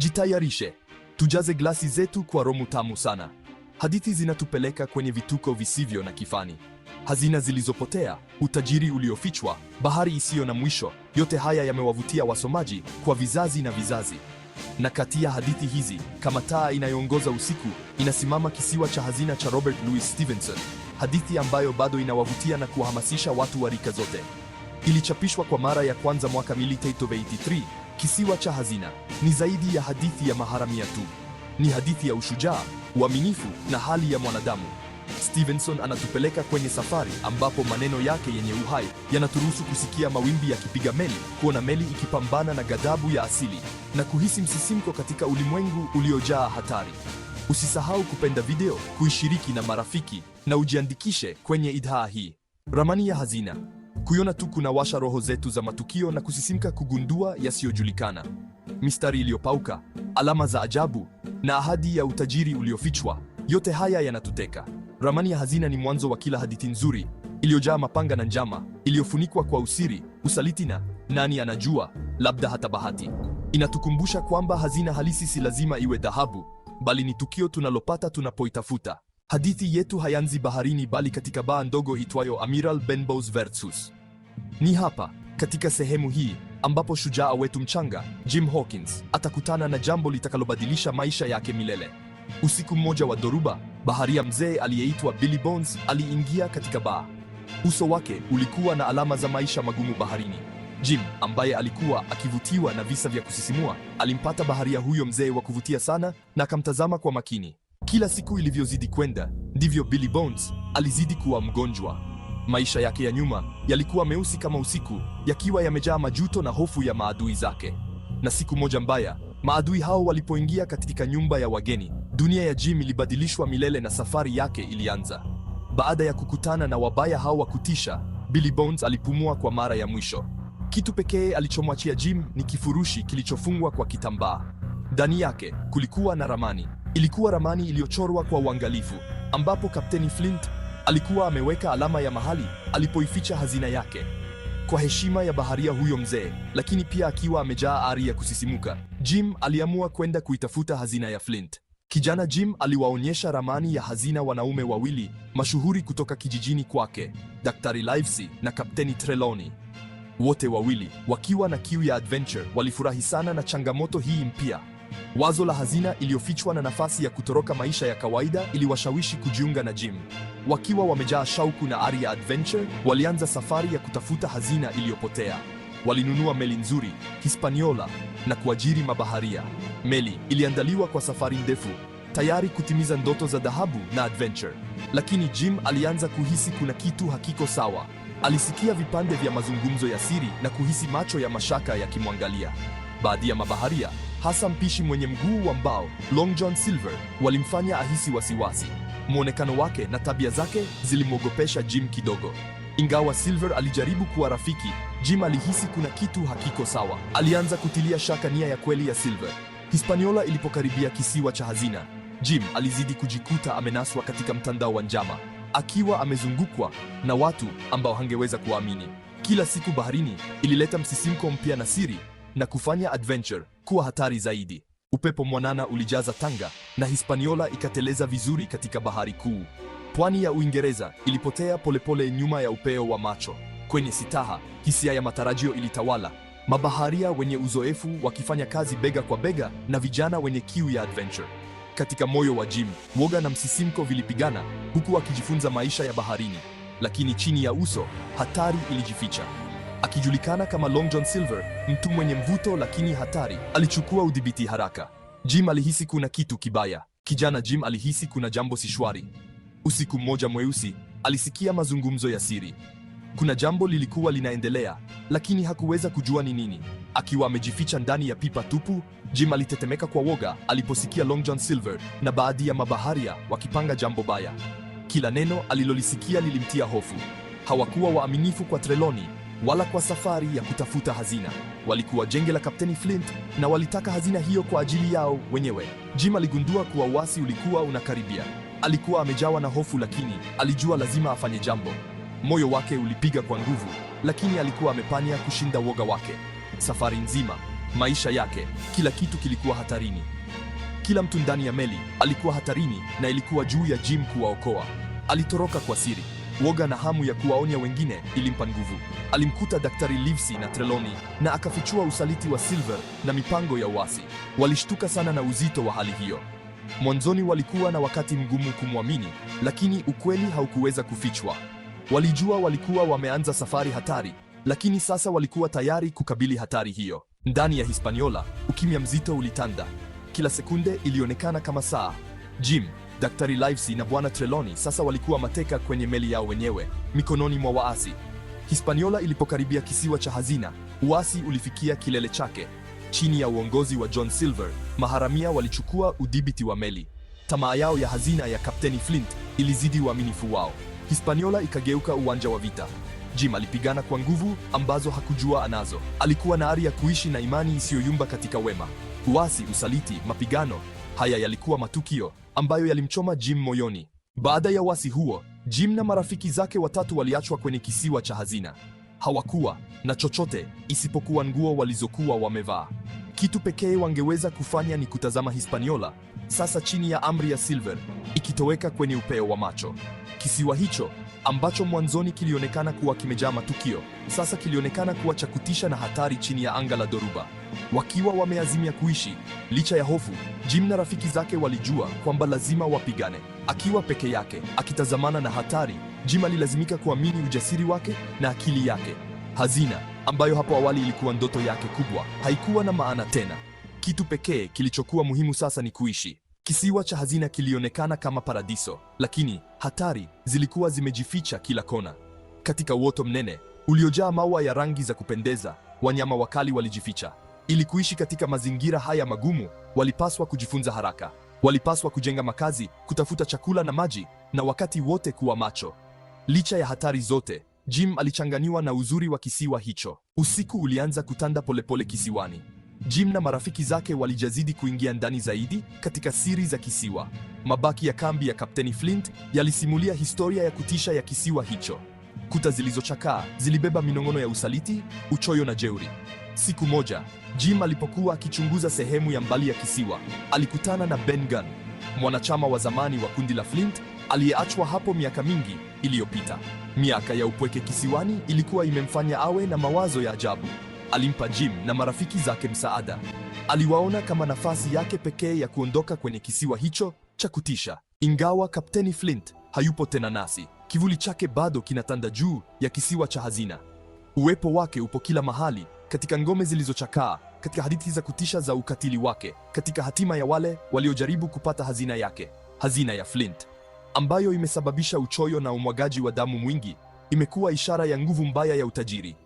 Jitayarishe, tujaze glasi zetu kwa romu tamu sana. Hadithi zinatupeleka kwenye vituko visivyo na kifani, hazina zilizopotea, utajiri uliofichwa, bahari isiyo na mwisho. Yote haya yamewavutia wasomaji kwa vizazi na vizazi. Na kati ya hadithi hizi, kama taa inayoongoza usiku, inasimama kisiwa cha hazina cha Robert Louis Stevenson, hadithi ambayo bado inawavutia na kuwahamasisha watu wa rika zote. Ilichapishwa kwa mara ya kwanza mwaka 1883 Kisiwa cha Hazina ni zaidi ya hadithi ya maharamia tu. Ni hadithi ya ushujaa, uaminifu na hali ya mwanadamu. Stevenson anatupeleka kwenye safari ambapo maneno yake yenye uhai yanaturuhusu kusikia mawimbi yakipiga meli, kuona meli ikipambana na ghadhabu ya asili na kuhisi msisimko katika ulimwengu uliojaa hatari. Usisahau kupenda video, kuishiriki na marafiki na ujiandikishe kwenye idhaa hii. Ramani ya Hazina. Kuiona tu kunawasha roho zetu za matukio na kusisimka kugundua yasiyojulikana, mistari iliyopauka, alama za ajabu na ahadi ya utajiri uliofichwa. Yote haya yanatuteka. Ramani ya Hazina ni mwanzo wa kila hadithi nzuri iliyojaa mapanga na njama, iliyofunikwa kwa usiri, usaliti na nani anajua, labda hata bahati. Inatukumbusha kwamba hazina halisi si lazima iwe dhahabu, bali ni tukio tunalopata tunapoitafuta. Hadithi yetu hayanzi baharini, bali katika baa ndogo itwayo amiral Benbow's Versus. Ni hapa katika sehemu hii ambapo shujaa wetu mchanga Jim Hawkins atakutana na jambo litakalobadilisha maisha yake milele. Usiku mmoja wa dhoruba, baharia mzee aliyeitwa Billy Bones aliingia katika baa. Uso wake ulikuwa na alama za maisha magumu baharini. Jim, ambaye alikuwa akivutiwa na visa vya kusisimua, alimpata baharia huyo mzee wa kuvutia sana na akamtazama kwa makini. Kila siku ilivyozidi kwenda, ndivyo Billy Bones alizidi kuwa mgonjwa. Maisha yake ya nyuma yalikuwa meusi kama usiku, yakiwa yamejaa majuto na hofu ya maadui zake. Na siku moja mbaya, maadui hao walipoingia katika nyumba ya wageni, dunia ya Jim ilibadilishwa milele na safari yake ilianza. Baada ya kukutana na wabaya hao wa kutisha, Billy Bones alipumua kwa mara ya mwisho. Kitu pekee alichomwachia Jim ni kifurushi kilichofungwa kwa kitambaa. Ndani yake kulikuwa na ramani. Ilikuwa ramani iliyochorwa kwa uangalifu, ambapo Kapteni Flint Alikuwa ameweka alama ya mahali alipoificha hazina yake kwa heshima ya baharia huyo mzee, lakini pia akiwa amejaa ari ya kusisimuka. Jim aliamua kwenda kuitafuta hazina ya Flint. Kijana Jim aliwaonyesha ramani ya hazina wanaume wawili mashuhuri kutoka kijijini kwake, Daktari Livesey na Kapteni Trelawney. Wote wawili wakiwa na kiu ya adventure, walifurahi sana na changamoto hii mpya. Wazo la hazina iliyofichwa na nafasi ya kutoroka maisha ya kawaida iliwashawishi kujiunga na Jim. Wakiwa wamejaa shauku na ari ya adventure, walianza safari ya kutafuta hazina iliyopotea. Walinunua meli nzuri Hispaniola na kuajiri mabaharia. Meli iliandaliwa kwa safari ndefu, tayari kutimiza ndoto za dhahabu na adventure. Lakini Jim alianza kuhisi kuna kitu hakiko sawa. Alisikia vipande vya mazungumzo ya siri na kuhisi macho ya mashaka yakimwangalia. Baadhi ya mabaharia hasa mpishi mwenye mguu wa mbao Long John Silver walimfanya ahisi wasiwasi. Mwonekano wake na tabia zake zilimwogopesha Jim kidogo. Ingawa Silver alijaribu kuwa rafiki, Jim alihisi kuna kitu hakiko sawa. Alianza kutilia shaka nia ya kweli ya Silver. Hispaniola ilipokaribia kisiwa cha hazina, Jim alizidi kujikuta amenaswa katika mtandao wa njama, akiwa amezungukwa na watu ambao hangeweza kuamini. Kila siku baharini ilileta msisimko mpya na siri na kufanya adventure kuwa hatari zaidi. Upepo mwanana ulijaza Tanga na Hispaniola ikateleza vizuri katika bahari kuu. Pwani ya Uingereza ilipotea polepole nyuma ya upeo wa macho. Kwenye sitaha, hisia ya matarajio ilitawala, mabaharia wenye uzoefu wakifanya kazi bega kwa bega na vijana wenye kiu ya adventure. Katika moyo wa Jim, woga na msisimko vilipigana, huku akijifunza maisha ya baharini, lakini chini ya uso hatari ilijificha akijulikana kama Long John Silver, mtu mwenye mvuto lakini hatari, alichukua udhibiti haraka. Jim alihisi kuna kitu kibaya. Kijana Jim alihisi kuna jambo si shwari. Usiku mmoja mweusi, alisikia mazungumzo ya siri. Kuna jambo lilikuwa linaendelea, lakini hakuweza kujua ni nini. Akiwa amejificha ndani ya pipa tupu, Jim alitetemeka kwa woga aliposikia Long John Silver na baadhi ya mabaharia wakipanga jambo baya. Kila neno alilolisikia lilimtia hofu. Hawakuwa waaminifu kwa treloni wala kwa safari ya kutafuta hazina. Walikuwa jenge la Kapteni Flint na walitaka hazina hiyo kwa ajili yao wenyewe. Jim aligundua kuwa uasi ulikuwa unakaribia. Alikuwa amejawa na hofu, lakini alijua lazima afanye jambo. Moyo wake ulipiga kwa nguvu, lakini alikuwa amepania kushinda woga wake. Safari nzima, maisha yake, kila kitu kilikuwa hatarini. Kila mtu ndani ya meli alikuwa hatarini, na ilikuwa juu ya Jim kuwaokoa. Alitoroka kwa siri Woga na hamu ya kuwaonya wengine ilimpa nguvu. Alimkuta Daktari Livesey na treloni na akafichua usaliti wa Silver na mipango ya uasi. Walishtuka sana na uzito wa hali hiyo. Mwanzoni walikuwa na wakati mgumu kumwamini, lakini ukweli haukuweza kufichwa. Walijua walikuwa wameanza safari hatari, lakini sasa walikuwa tayari kukabili hatari hiyo. Ndani ya Hispaniola, ukimya mzito ulitanda. Kila sekunde ilionekana kama saa. Jim Daktari Livesey na Bwana Trelawney sasa walikuwa mateka kwenye meli yao wenyewe, mikononi mwa waasi. Hispaniola ilipokaribia kisiwa cha Hazina, uasi ulifikia kilele chake. Chini ya uongozi wa John Silver, maharamia walichukua udhibiti wa meli. Tamaa yao ya hazina ya Kapteni Flint ilizidi uaminifu wao. Hispaniola ikageuka uwanja wa vita. Jim alipigana kwa nguvu ambazo hakujua anazo. Alikuwa na ari ya kuishi na imani isiyoyumba katika wema. Uasi, usaliti, mapigano Haya yalikuwa matukio ambayo yalimchoma Jim moyoni. Baada ya wasi huo, Jim na marafiki zake watatu waliachwa kwenye kisiwa cha hazina. Hawakuwa na chochote isipokuwa nguo walizokuwa wamevaa. Kitu pekee wangeweza kufanya ni kutazama Hispaniola sasa chini ya amri ya Silver, ikitoweka kwenye upeo wa macho. Kisiwa hicho ambacho mwanzoni kilionekana kuwa kimejaa matukio, sasa kilionekana kuwa cha kutisha na hatari chini ya anga la dhoruba. Wakiwa wameazimia kuishi licha ya hofu, Jim na rafiki zake walijua kwamba lazima wapigane. Akiwa peke yake, akitazamana na hatari, Jim alilazimika kuamini ujasiri wake na akili yake. Hazina ambayo hapo awali ilikuwa ndoto yake kubwa, haikuwa na maana tena. Kitu pekee kilichokuwa muhimu sasa ni kuishi. Kisiwa cha hazina kilionekana kama paradiso, lakini hatari zilikuwa zimejificha kila kona. Katika uoto mnene uliojaa maua ya rangi za kupendeza, wanyama wakali walijificha. Ili kuishi katika mazingira haya magumu, walipaswa kujifunza haraka. Walipaswa kujenga makazi, kutafuta chakula na maji, na wakati wote kuwa macho. Licha ya hatari zote, Jim alichanganiwa na uzuri wa kisiwa hicho. Usiku ulianza kutanda polepole pole kisiwani. Jim na marafiki zake walijazidi kuingia ndani zaidi katika siri za kisiwa. Mabaki ya kambi ya Kapteni Flint yalisimulia historia ya kutisha ya kisiwa hicho. Kuta zilizochakaa zilibeba minong'ono ya usaliti, uchoyo na jeuri. Siku moja, Jim alipokuwa akichunguza sehemu ya mbali ya kisiwa, alikutana na Ben Gunn, mwanachama wa zamani wa kundi la Flint aliyeachwa hapo miaka mingi iliyopita. Miaka ya upweke kisiwani ilikuwa imemfanya awe na mawazo ya ajabu alimpa Jim na marafiki zake msaada. Aliwaona kama nafasi yake pekee ya kuondoka kwenye kisiwa hicho cha kutisha. Ingawa Kapteni Flint hayupo tena nasi, kivuli chake bado kinatanda juu ya kisiwa cha hazina. Uwepo wake upo kila mahali, katika ngome zilizochakaa, katika hadithi za kutisha za ukatili wake, katika hatima ya wale waliojaribu kupata hazina yake. Hazina ya Flint ambayo imesababisha uchoyo na umwagaji wa damu mwingi, imekuwa ishara ya nguvu mbaya ya utajiri.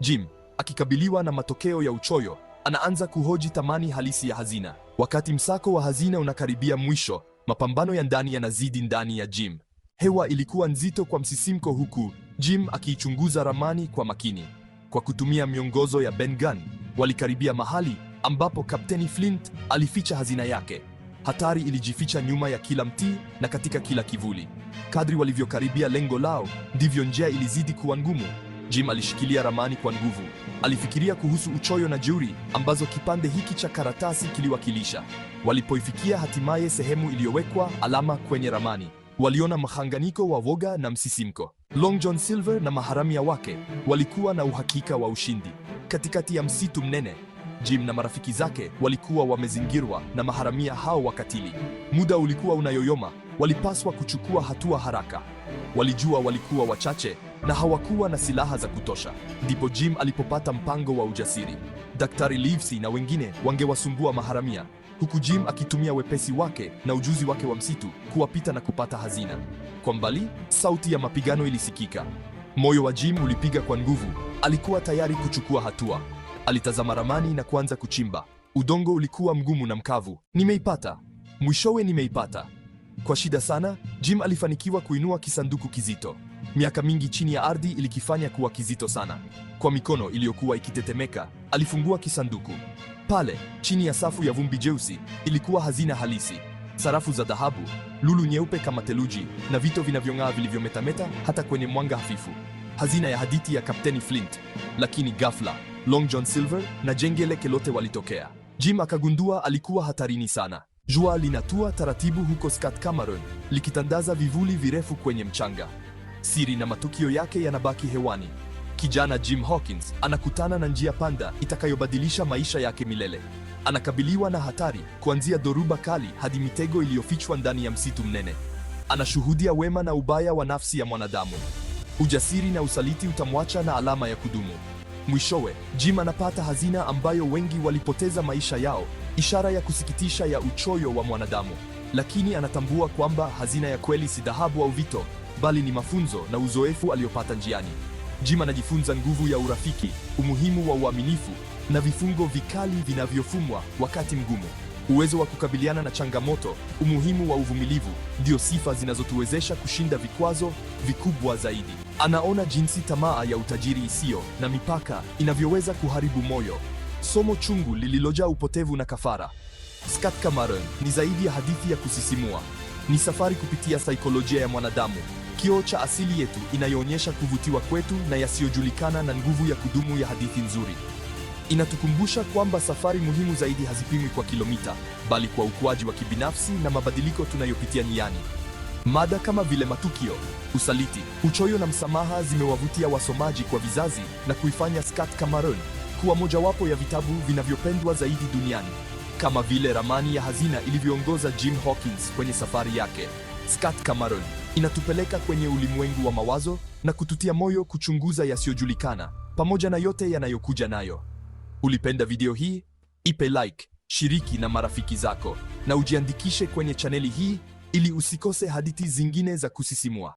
Jim Akikabiliwa na matokeo ya uchoyo, anaanza kuhoji thamani halisi ya hazina. Wakati msako wa hazina unakaribia mwisho, mapambano ya ndani yanazidi ndani ya Jim. Hewa ilikuwa nzito kwa msisimko, huku Jim akiichunguza ramani kwa makini. Kwa kutumia miongozo ya Ben Gunn, walikaribia mahali ambapo Kapteni Flint alificha hazina yake. Hatari ilijificha nyuma ya kila mti na katika kila kivuli. Kadri walivyokaribia lengo lao, ndivyo njia ilizidi kuwa ngumu. Jim alishikilia ramani kwa nguvu. Alifikiria kuhusu uchoyo na jeuri ambazo kipande hiki cha karatasi kiliwakilisha. Walipoifikia hatimaye sehemu iliyowekwa alama kwenye ramani, waliona mchanganyiko wa woga na msisimko. Long John Silver na maharamia wake walikuwa na uhakika wa ushindi. Katikati ya msitu mnene, Jim na marafiki zake walikuwa wamezingirwa na maharamia hao wakatili. Muda ulikuwa unayoyoma, walipaswa kuchukua hatua haraka. Walijua walikuwa wachache na hawakuwa na silaha za kutosha. Ndipo Jim alipopata mpango wa ujasiri. Daktari Livesey na wengine wangewasumbua maharamia, huku Jim akitumia wepesi wake na ujuzi wake wa msitu kuwapita na kupata hazina. Kwa mbali, sauti ya mapigano ilisikika. Moyo wa Jim ulipiga kwa nguvu. Alikuwa tayari kuchukua hatua. Alitazama ramani na kuanza kuchimba. Udongo ulikuwa mgumu na mkavu. Nimeipata, mwishowe nimeipata. Kwa shida sana, Jim alifanikiwa kuinua kisanduku kizito miaka mingi chini ya ardhi ilikifanya kuwa kizito sana. Kwa mikono iliyokuwa ikitetemeka, alifungua kisanduku. Pale chini ya safu ya vumbi jeusi ilikuwa hazina halisi, sarafu za dhahabu, lulu nyeupe kama theluji na vito vinavyong'aa vilivyometameta hata kwenye mwanga hafifu, hazina ya hadithi ya Kapteni Flint. Lakini ghafla, Long John Silver na jenge lake lote walitokea. Jim akagundua alikuwa hatarini sana. Jua linatua taratibu huko Scott Cameron likitandaza vivuli virefu kwenye mchanga. Siri na matukio yake yanabaki hewani. Kijana Jim Hawkins anakutana na njia panda itakayobadilisha maisha yake milele. Anakabiliwa na hatari kuanzia dhoruba kali hadi mitego iliyofichwa ndani ya msitu mnene. Anashuhudia wema na ubaya wa nafsi ya mwanadamu. Ujasiri na usaliti utamwacha na alama ya kudumu. Mwishowe, Jim anapata hazina ambayo wengi walipoteza maisha yao, ishara ya kusikitisha ya uchoyo wa mwanadamu. Lakini anatambua kwamba hazina ya kweli si dhahabu au vito, bali ni mafunzo na uzoefu aliyopata njiani. Jim anajifunza nguvu ya urafiki, umuhimu wa uaminifu na vifungo vikali vinavyofumwa wakati mgumu. Uwezo wa kukabiliana na changamoto, umuhimu wa uvumilivu ndio sifa zinazotuwezesha kushinda vikwazo vikubwa zaidi. Anaona jinsi tamaa ya utajiri isiyo na mipaka inavyoweza kuharibu moyo. Somo chungu lililojaa upotevu na kafara. Skat Kamaran ni zaidi ya hadithi ya kusisimua. Ni safari kupitia saikolojia ya mwanadamu kioo cha asili yetu inayoonyesha kuvutiwa kwetu na yasiyojulikana na nguvu ya kudumu ya hadithi nzuri. Inatukumbusha kwamba safari muhimu zaidi hazipimwi kwa kilomita, bali kwa ukuaji wa kibinafsi na mabadiliko tunayopitia njiani. Mada kama vile matukio, usaliti, uchoyo na msamaha zimewavutia wasomaji kwa vizazi na kuifanya Scott Cameron kuwa mojawapo ya vitabu vinavyopendwa zaidi duniani. Kama vile ramani ya hazina ilivyoongoza Jim Hawkins kwenye safari yake, Scott Cameron Inatupeleka kwenye ulimwengu wa mawazo na kututia moyo kuchunguza yasiyojulikana pamoja na yote yanayokuja nayo. Ulipenda video hii? Ipe like, shiriki na marafiki zako na ujiandikishe kwenye chaneli hii ili usikose hadithi zingine za kusisimua.